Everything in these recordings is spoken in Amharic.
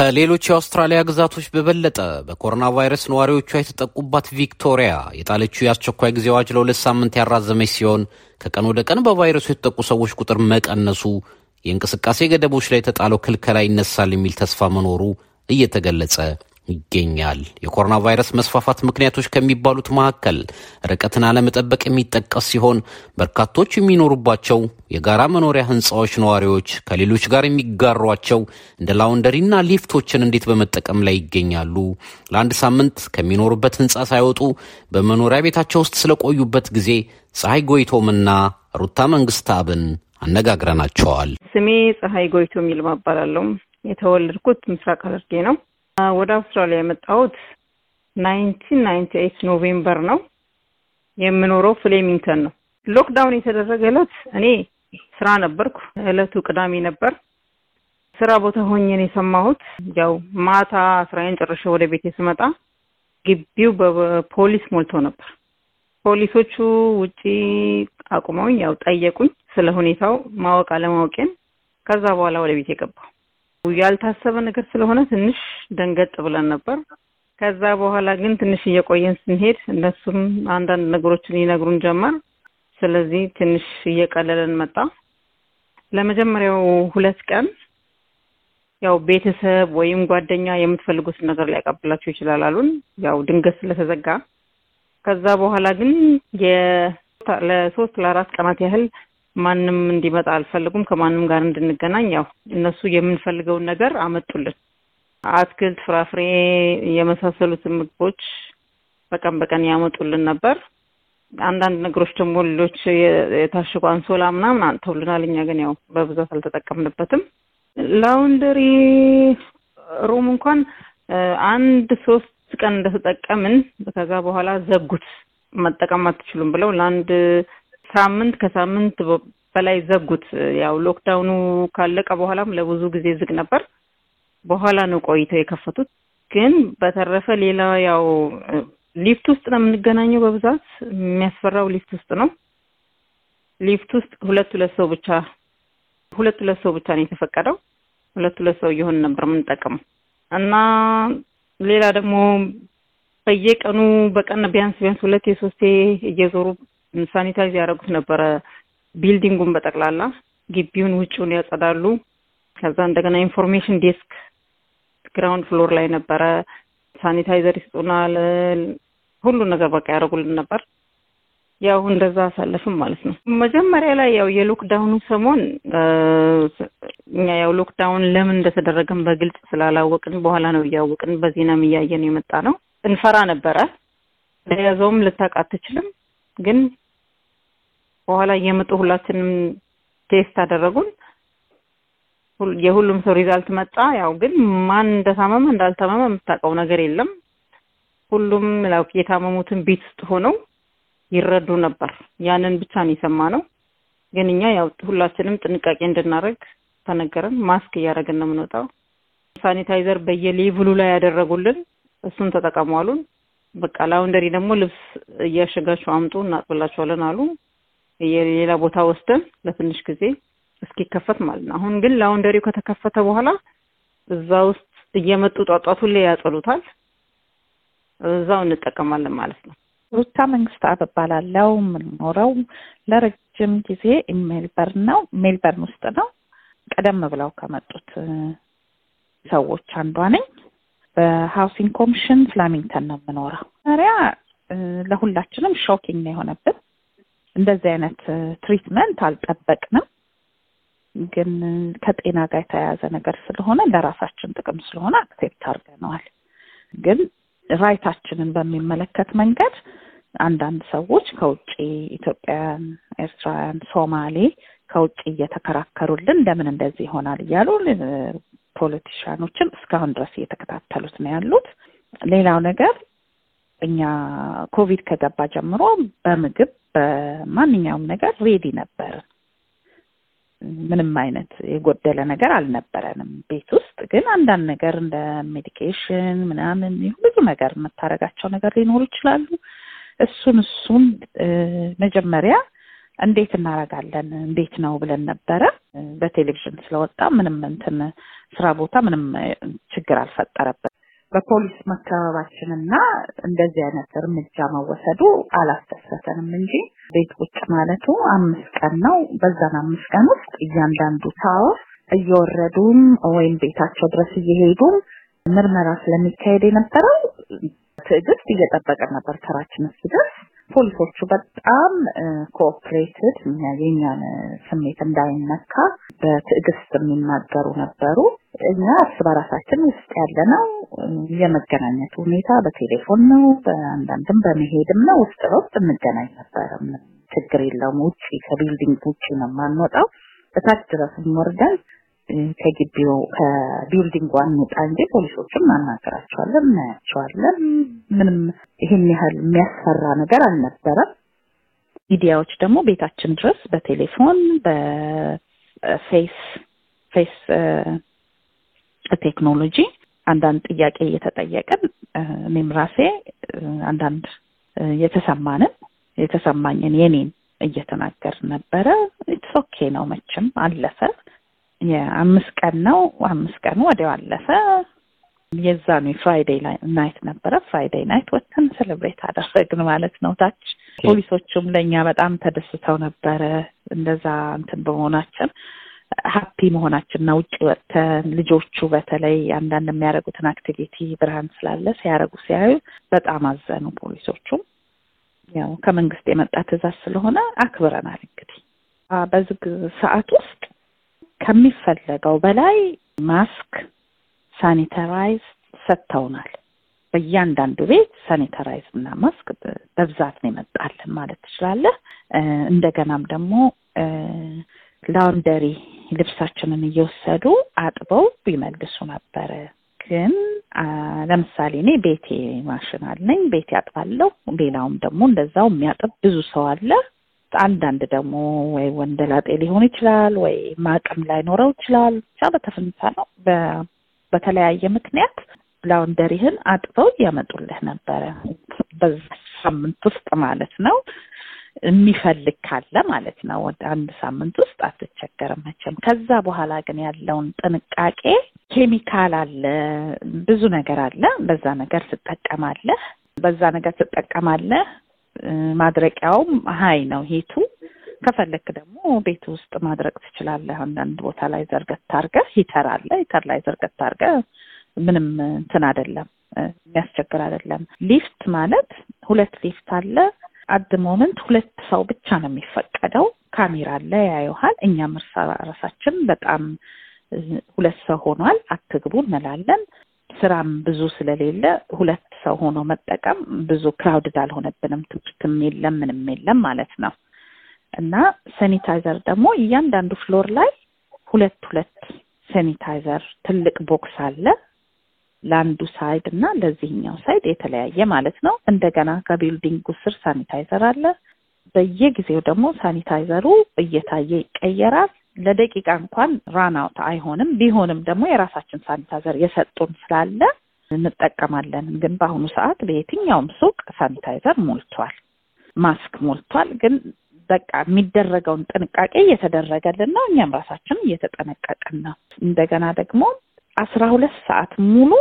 ከሌሎች የአውስትራሊያ ግዛቶች በበለጠ በኮሮና ቫይረስ ነዋሪዎቿ የተጠቁባት ቪክቶሪያ የጣለችው የአስቸኳይ ጊዜ አዋጅ ለሁለት ሳምንት ያራዘመች ሲሆን ከቀን ወደ ቀን በቫይረሱ የተጠቁ ሰዎች ቁጥር መቀነሱ፣ የእንቅስቃሴ ገደቦች ላይ የተጣለው ክልከላ ይነሳል የሚል ተስፋ መኖሩ እየተገለጸ ይገኛል። የኮሮና ቫይረስ መስፋፋት ምክንያቶች ከሚባሉት መካከል ርቀትን አለመጠበቅ የሚጠቀስ ሲሆን በርካቶች የሚኖሩባቸው የጋራ መኖሪያ ህንፃዎች ነዋሪዎች ከሌሎች ጋር የሚጋሯቸው እንደ ላውንደሪና ሊፍቶችን እንዴት በመጠቀም ላይ ይገኛሉ? ለአንድ ሳምንት ከሚኖሩበት ህንፃ ሳይወጡ በመኖሪያ ቤታቸው ውስጥ ስለቆዩበት ጊዜ ፀሐይ ጎይቶምና ሩታ መንግስት አብን አነጋግረናቸዋል። ስሜ ፀሐይ ጎይቶም ይልማ እባላለሁ። የተወለድኩት ምስራቅ ሐረርጌ ነው። ወደ አውስትራሊያ የመጣሁት ናይንቲን ናይንቲ ኤይት ኖቬምበር ነው። የምኖረው ፍሌሚንግተን ነው። ሎክዳውን የተደረገ እለት እኔ ስራ ነበርኩ። እለቱ ቅዳሜ ነበር። ስራ ቦታ ሆኜን የሰማሁት ያው ማታ ስራዬን ጨርሼ ወደ ቤት ስመጣ ግቢው በፖሊስ ሞልቶ ነበር። ፖሊሶቹ ውጪ አቁመውኝ ያው ጠየቁኝ ስለ ሁኔታው ማወቅ አለማወቄን። ከዛ በኋላ ወደ ቤት የገባው ያልታሰበ ነገር ስለሆነ ትንሽ ደንገጥ ብለን ነበር። ከዛ በኋላ ግን ትንሽ እየቆየን ስንሄድ እነሱም አንዳንድ ነገሮችን ይነግሩን ጀመር። ስለዚህ ትንሽ እየቀለለን መጣ። ለመጀመሪያው ሁለት ቀን ያው ቤተሰብ ወይም ጓደኛ የምትፈልጉት ነገር ሊያቀብላችሁ ይችላል አሉን፣ ያው ድንገት ስለተዘጋ። ከዛ በኋላ ግን ለሶስት ለአራት ቀናት ያህል ማንም እንዲመጣ አልፈልጉም ከማንም ጋር እንድንገናኝ ያው እነሱ የምንፈልገውን ነገር አመጡልን። አትክልት፣ ፍራፍሬ የመሳሰሉትን ምግቦች በቀን በቀን ያመጡልን ነበር። አንዳንድ ነገሮች ደግሞ ሌሎች የታሸጉ አንሶላ ምናምን አንተውልናል። እኛ ግን ያው በብዛት አልተጠቀምንበትም። ላውንደሪ ሩም እንኳን አንድ ሶስት ቀን እንደተጠቀምን ከዛ በኋላ ዘጉት። መጠቀም አትችሉም ብለው ለአንድ ሳምንት ከሳምንት በላይ ዘጉት። ያው ሎክዳውኑ ካለቀ በኋላም ለብዙ ጊዜ ዝግ ነበር። በኋላ ነው ቆይተው የከፈቱት። ግን በተረፈ ሌላ ያው ሊፍት ውስጥ ነው የምንገናኘው በብዛት የሚያስፈራው ሊፍት ውስጥ ነው። ሊፍት ውስጥ ሁለት ሁለት ሰው ብቻ ሁለት ሁለት ሰው ብቻ ነው የተፈቀደው። ሁለት ሁለት ሰው እየሆን ነበር የምንጠቀመው እና ሌላ ደግሞ በየቀኑ በቀን ቢያንስ ቢያንስ ሁለቴ ሶስቴ እየዞሩ ሳኒታይዝ ያደረጉት ነበረ ቢልዲንጉን በጠቅላላ ግቢውን፣ ውጭውን ያጸዳሉ። ከዛ እንደገና ኢንፎርሜሽን ዴስክ ግራውንድ ፍሎር ላይ ነበረ። ሳኒታይዘር ይስጡናል፣ ሁሉ ነገር በቃ ያደርጉልን ነበር። ያው እንደዛ አሳለፍም ማለት ነው። መጀመሪያ ላይ ያው የሎክዳውኑ ሰሞን እኛ ያው ሎክዳውን ለምን እንደተደረገን በግልጽ ስላላወቅን በኋላ ነው እያወቅን በዜናም እያየን የመጣ ነው። እንፈራ ነበረ። ለያዘውም ልታውቅ አትችልም ግን በኋላ እየመጡ ሁላችንም ቴስት አደረጉን። የሁሉም ሰው ሪዛልት መጣ። ያው ግን ማን እንደታመመ እንዳልታመመ የምታውቀው ነገር የለም። ሁሉም የታመሙትን ቤት ውስጥ ሆነው ይረዱ ነበር። ያንን ብቻ ነው የሰማነው። ግን እኛ ያው ሁላችንም ጥንቃቄ እንድናደርግ ተነገረን። ማስክ እያደረግን ነው የምንወጣው። ሳኒታይዘር በየሌቭሉ ላይ ያደረጉልን እሱን ተጠቀሟሉን። በቃ ላውንደሪ ደግሞ ልብስ እያሸጋችሁ አምጡ እናጥብላችኋለን አሉ። የሌላ ቦታ ወስደን ለትንሽ ጊዜ እስኪከፈት ማለት ነው። አሁን ግን ላውንደሪው ከተከፈተ በኋላ እዛ ውስጥ እየመጡ ጧጧቱ ላይ ያጸሉታል። እዛው እንጠቀማለን ማለት ነው። ሩታ መንግስት እባላለሁ። የምኖረው ለረጅም ጊዜ ሜልበርን ነው፣ ሜልበርን ውስጥ ነው። ቀደም ብለው ከመጡት ሰዎች አንዷ ነኝ። በሀውሲንግ ኮሚሽን ፍላሚንግተን ነው የምኖረው። መሪያ ለሁላችንም ሾኪንግ ነው የሆነብን። እንደዚህ አይነት ትሪትመንት አልጠበቅንም፣ ግን ከጤና ጋር የተያያዘ ነገር ስለሆነ ለራሳችን ጥቅም ስለሆነ አክሴፕት አድርገነዋል። ግን ራይታችንን በሚመለከት መንገድ አንዳንድ ሰዎች ከውጭ ኢትዮጵያውያን፣ ኤርትራውያን፣ ሶማሌ ከውጭ እየተከራከሩልን ለምን እንደዚህ ይሆናል እያሉ ፖለቲሽያኖችም እስካሁን ድረስ እየተከታተሉት ነው ያሉት። ሌላው ነገር እኛ ኮቪድ ከገባ ጀምሮ በምግብ በማንኛውም ነገር ሬዲ ነበር? ምንም አይነት የጎደለ ነገር አልነበረንም ቤት ውስጥ ግን አንዳንድ ነገር እንደ ሜዲኬሽን ምናምን ብዙ ነገር የምታደርጋቸው ነገር ሊኖሩ ይችላሉ። እሱን እሱን መጀመሪያ እንዴት እናደርጋለን እንዴት ነው ብለን ነበረ። በቴሌቪዥን ስለወጣ ምንም እንትን ስራ ቦታ ምንም ችግር አልፈጠረበት። በፖሊስ መከበባችንና እንደዚህ አይነት እርምጃ መወሰዱ አላስደሰተንም እንጂ ቤት ቁጭ ማለቱ አምስት ቀን ነው። በዛን አምስት ቀን ውስጥ እያንዳንዱ ታወር እየወረዱም ወይም ቤታቸው ድረስ እየሄዱም ምርመራ ስለሚካሄድ የነበረው ትዕግስት እየጠበቀ ነበር ተራችን ስደርስ ፖሊሶቹ በጣም ኮኦፕሬትድ የኛን ስሜት እንዳይነካ በትዕግስት የሚናገሩ ነበሩ። እኛ እርስ በራሳችን ውስጥ ያለ ነው የመገናኘት ሁኔታ በቴሌፎን ነው፣ በአንዳንድም በመሄድም ነው። ውስጥ ለውስጥ እንገናኝ ነበርም። ችግር የለውም። ውጭ ከቢልዲንግ ውጭ ነው የማንወጣው። እታች ድረስ ወርደን ከግቢው ከቢልዲንጉ አንወጣ እንጂ ፖሊሶችም እናናገራቸዋለን፣ እናያቸዋለን። ምንም ይህን ያህል የሚያስፈራ ነገር አልነበረም። ሚዲያዎች ደግሞ ቤታችን ድረስ በቴሌፎን በፌስ ፌስ ቴክኖሎጂ አንዳንድ ጥያቄ እየተጠየቅን እኔም ራሴ አንዳንድ የተሰማንን የተሰማኝን የኔን እየተናገር ነበረ። ኢትስ ኦኬ ነው መቼም አለፈ። የአምስት ቀን ነው። አምስት ቀኑ ወዲያው አለፈ። የዛ ነው የፍራይዴይ ናይት ነበረ። ፍራይዴይ ናይት ወተን ሴሌብሬት አደረግን ማለት ነው። ታች ፖሊሶቹም ለእኛ በጣም ተደስተው ነበረ እንደዛ እንትን በመሆናችን ሀፒ መሆናችን መሆናችንና ውጭ ወጥተን ልጆቹ በተለይ አንዳንድ የሚያደርጉትን አክቲቪቲ ብርሃን ስላለ ሲያደርጉ ሲያዩ በጣም አዘኑ ፖሊሶቹም። ያው ከመንግስት የመጣ ትዕዛዝ ስለሆነ አክብረናል። እንግዲህ በዝግ ሰዓት ውስጥ ከሚፈለገው በላይ ማስክ፣ ሳኒተራይዝ ሰጥተውናል። በእያንዳንዱ ቤት ሳኒተራይዝ እና ማስክ በብዛት ነው ይመጣልን ማለት ትችላለህ። እንደገናም ደግሞ ላውንደሪ ልብሳችንን እየወሰዱ አጥበው ይመልሱ ነበረ። ግን ለምሳሌ እኔ ቤቴ ማሽን አለኝ፣ ቤቴ አጥባለሁ። ሌላውም ደግሞ እንደዛው የሚያጥብ ብዙ ሰው አለ። አንዳንድ ደግሞ ወይ ወንደላጤ ሊሆን ይችላል፣ ወይ ማቅም ላይኖረው ይችላል። ብቻ በተፈንታ ነው በተለያየ ምክንያት ላውንደሪህን አጥበው እያመጡልህ ነበረ በዛ ሳምንት ውስጥ ማለት ነው። የሚፈልግ ካለ ማለት ነው። ወደ አንድ ሳምንት ውስጥ አትቸገርም መቼም። ከዛ በኋላ ግን ያለውን ጥንቃቄ ኬሚካል አለ፣ ብዙ ነገር አለ። በዛ ነገር ትጠቀማለህ፣ በዛ ነገር ትጠቀማለህ። ማድረቂያውም ሀይ ነው ሂቱ። ከፈለክ ደግሞ ቤት ውስጥ ማድረቅ ትችላለህ። አንዳንድ ቦታ ላይ ዘርገት ታርገ ሂተር አለ። ሂተር ላይ ዘርገት ታርገ ምንም እንትን አይደለም፣ የሚያስቸግር አይደለም። ሊፍት ማለት ሁለት ሊፍት አለ። አድ ሞመንት ሁለት ሰው ብቻ ነው የሚፈቀደው። ካሜራ አለ ያየውሃል። እኛም እርሳ ራሳችን በጣም ሁለት ሰው ሆኗል አትግቡ እንላለን። ስራም ብዙ ስለሌለ ሁለት ሰው ሆኖ መጠቀም ብዙ ክራውድድ አልሆነብንም። ትምህርትም የለም ምንም የለም ማለት ነው። እና ሰኒታይዘር ደግሞ እያንዳንዱ ፍሎር ላይ ሁለት ሁለት ሰኒታይዘር ትልቅ ቦክስ አለ። ለአንዱ ሳይድ እና ለዚህኛው ሳይድ የተለያየ ማለት ነው። እንደገና ከቢልዲንጉ ስር ሳኒታይዘር አለ። በየጊዜው ደግሞ ሳኒታይዘሩ እየታየ ይቀየራል። ለደቂቃ እንኳን ራናውት አይሆንም። ቢሆንም ደግሞ የራሳችን ሳኒታይዘር የሰጡን ስላለ እንጠቀማለን። ግን በአሁኑ ሰዓት በየትኛውም ሱቅ ሳኒታይዘር ሞልቷል፣ ማስክ ሞልቷል። ግን በቃ የሚደረገውን ጥንቃቄ እየተደረገልን ነው። እኛም ራሳችን እየተጠነቀቅን ነው። እንደገና ደግሞ አስራ ሁለት ሰዓት ሙሉ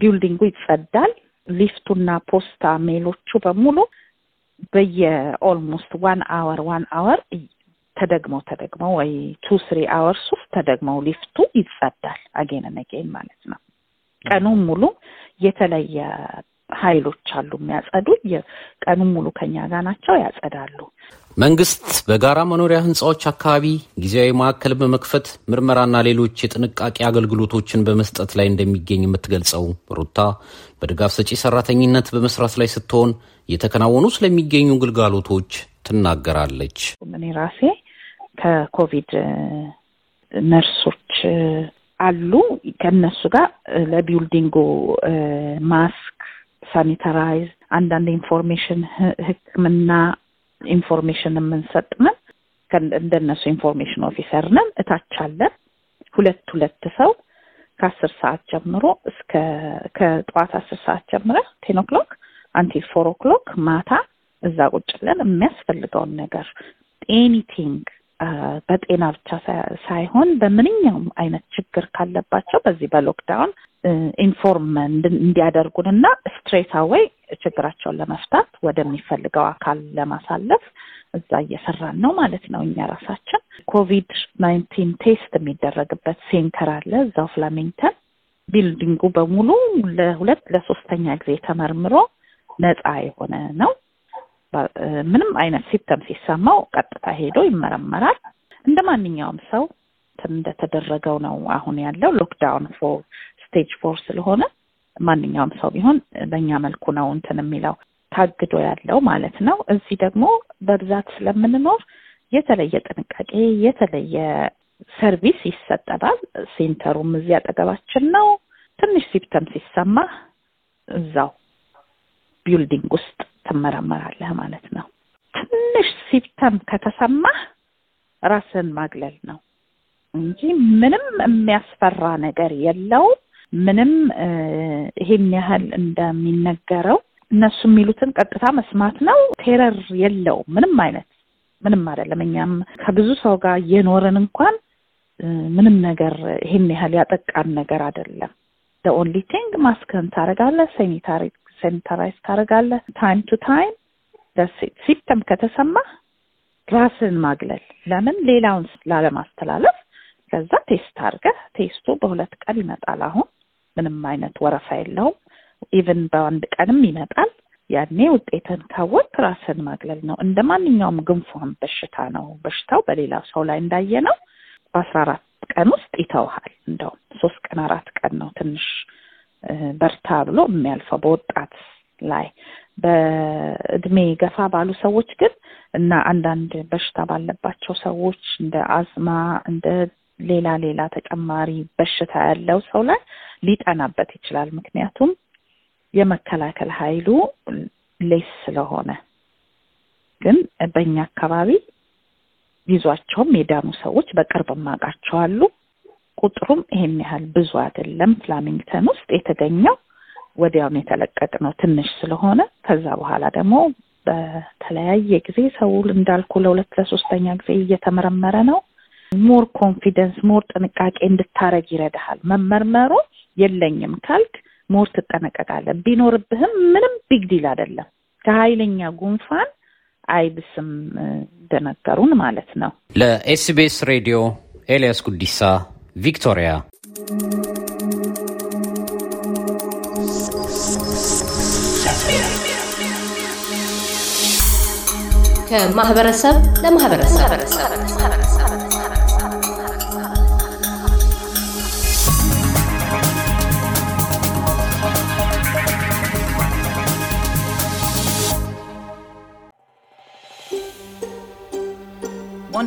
ቢልዲንጉ ይጸዳል። ሊፍቱና ፖስታ ሜሎቹ በሙሉ በየኦልሞስት ዋን አወር ዋን አወር ተደግመው ተደግመው ወይ ቱ ስሪ አወርስ ውስጥ ተደግመው ሊፍቱ ይጸዳል። አጌን ነጌን ማለት ነው። ቀኑን ሙሉ የተለየ ኃይሎች አሉ የሚያጸዱ። ቀኑን ሙሉ ከኛ ጋር ናቸው፣ ያጸዳሉ። መንግስት በጋራ መኖሪያ ህንፃዎች አካባቢ ጊዜያዊ ማዕከል በመክፈት ምርመራና ሌሎች የጥንቃቄ አገልግሎቶችን በመስጠት ላይ እንደሚገኝ የምትገልጸው ሩታ በድጋፍ ሰጪ ሰራተኝነት በመስራት ላይ ስትሆን እየተከናወኑ ስለሚገኙ ግልጋሎቶች ትናገራለች። እኔ ራሴ ከኮቪድ ነርሶች አሉ። ከእነሱ ጋር ለቢልዲንጉ ማስክ፣ ሳኒታራይዝ፣ አንዳንድ ኢንፎርሜሽን ህክምና ኢንፎርሜሽን የምንሰጥነን እንደነሱ ኢንፎርሜሽን ኦፊሰር ነን። እታች አለን ሁለት ሁለት ሰው ከአስር ሰዓት ጀምሮ እስከ ከጠዋት አስር ሰዓት ጀምረ ቴን ኦክሎክ አንቲል ፎር ኦክሎክ ማታ እዛ ቁጭለን የሚያስፈልገውን ነገር ኤኒቲንግ በጤና ብቻ ሳይሆን በምንኛውም አይነት ችግር ካለባቸው በዚህ በሎክዳውን ኢንፎርም እንዲያደርጉን እና ስትሬት አዌይ ችግራቸውን ለመፍታት ወደሚፈልገው አካል ለማሳለፍ እዛ እየሰራን ነው ማለት ነው። እኛ ራሳችን ኮቪድ ናይንቲን ቴስት የሚደረግበት ሴንተር አለ እዛው ፍላሚንግተን። ቢልዲንጉ በሙሉ ለሁለት ለሶስተኛ ጊዜ ተመርምሮ ነፃ የሆነ ነው። ምንም አይነት ሲምፕተም ሲሰማው ቀጥታ ሄዶ ይመረመራል። እንደ ማንኛውም ሰው እንደተደረገው ነው አሁን ያለው ሎክዳውን ፎ ስቴጅ ፎር ስለሆነ ማንኛውም ሰው ቢሆን በእኛ መልኩ ነው እንትን የሚለው ታግዶ ያለው ማለት ነው። እዚህ ደግሞ በብዛት ስለምንኖር የተለየ ጥንቃቄ የተለየ ሰርቪስ ይሰጠናል። ሴንተሩም እዚህ አጠገባችን ነው። ትንሽ ሲምፕተም ሲሰማ እዛው ቢልዲንግ ውስጥ ትመረመራለህ ማለት ነው። ትንሽ ሲፕተም ከተሰማህ ራስን ማግለል ነው እንጂ ምንም የሚያስፈራ ነገር የለውም። ምንም ይሄን ያህል እንደሚነገረው እነሱ የሚሉትን ቀጥታ መስማት ነው። ቴረር የለው ምንም አይነት ምንም አይደለም። እኛም ከብዙ ሰው ጋር እየኖርን እንኳን ምንም ነገር ይሄን ያህል ያጠቃን ነገር አይደለም። ኦንሊ ቲንግ ማስክን ታደረጋለ ሴኒታሪ ሴንተራይዝ ታደርጋለህ። ታይም ቱ ታይም ደሴት ሲስተም ከተሰማ ራስን ማግለል ለምን ሌላውን ላለማስተላለፍ። ከዛ ቴስት አርገ ቴስቱ በሁለት ቀን ይመጣል። አሁን ምንም አይነት ወረፋ የለውም። ኢቭን በአንድ ቀንም ይመጣል። ያኔ ውጤትን ካወቅ ራስን ማግለል ነው። እንደ ማንኛውም ግንፏን በሽታ ነው። በሽታው በሌላ ሰው ላይ እንዳየ ነው በአስራ አራት ቀን ውስጥ ይተውሃል። እንደውም ሶስት ቀን አራት ቀን ነው ትንሽ በርታ ብሎ የሚያልፈው በወጣት ላይ በእድሜ ገፋ ባሉ ሰዎች ግን እና አንዳንድ በሽታ ባለባቸው ሰዎች እንደ አዝማ እንደ ሌላ ሌላ ተጨማሪ በሽታ ያለው ሰው ላይ ሊጠናበት ይችላል። ምክንያቱም የመከላከል ኃይሉ ሌስ ስለሆነ። ግን በእኛ አካባቢ ይዟቸውም የዳኑ ሰዎች በቅርብ ማቃቸው አሉ። ቁጥሩም ይሄን ያህል ብዙ አይደለም። ፍላሚንግተን ውስጥ የተገኘው ወዲያውን የተለቀቅ ነው ትንሽ ስለሆነ። ከዛ በኋላ ደግሞ በተለያየ ጊዜ ሰው እንዳልኩ ለሁለት ለሶስተኛ ጊዜ እየተመረመረ ነው። ሞር ኮንፊደንስ ሞር ጥንቃቄ እንድታረግ ይረዳሃል። መመርመሩ የለኝም ካልክ ሞር ትጠነቀቃለህ። ቢኖርብህም ምንም ቢግ ዲል አይደለም። ከኃይለኛ ጉንፋን አይብስም እንደነገሩን ማለት ነው። ለኤስቢኤስ ሬዲዮ ኤልያስ ጉዲሳ فيكتوريا كم مهبره سب لا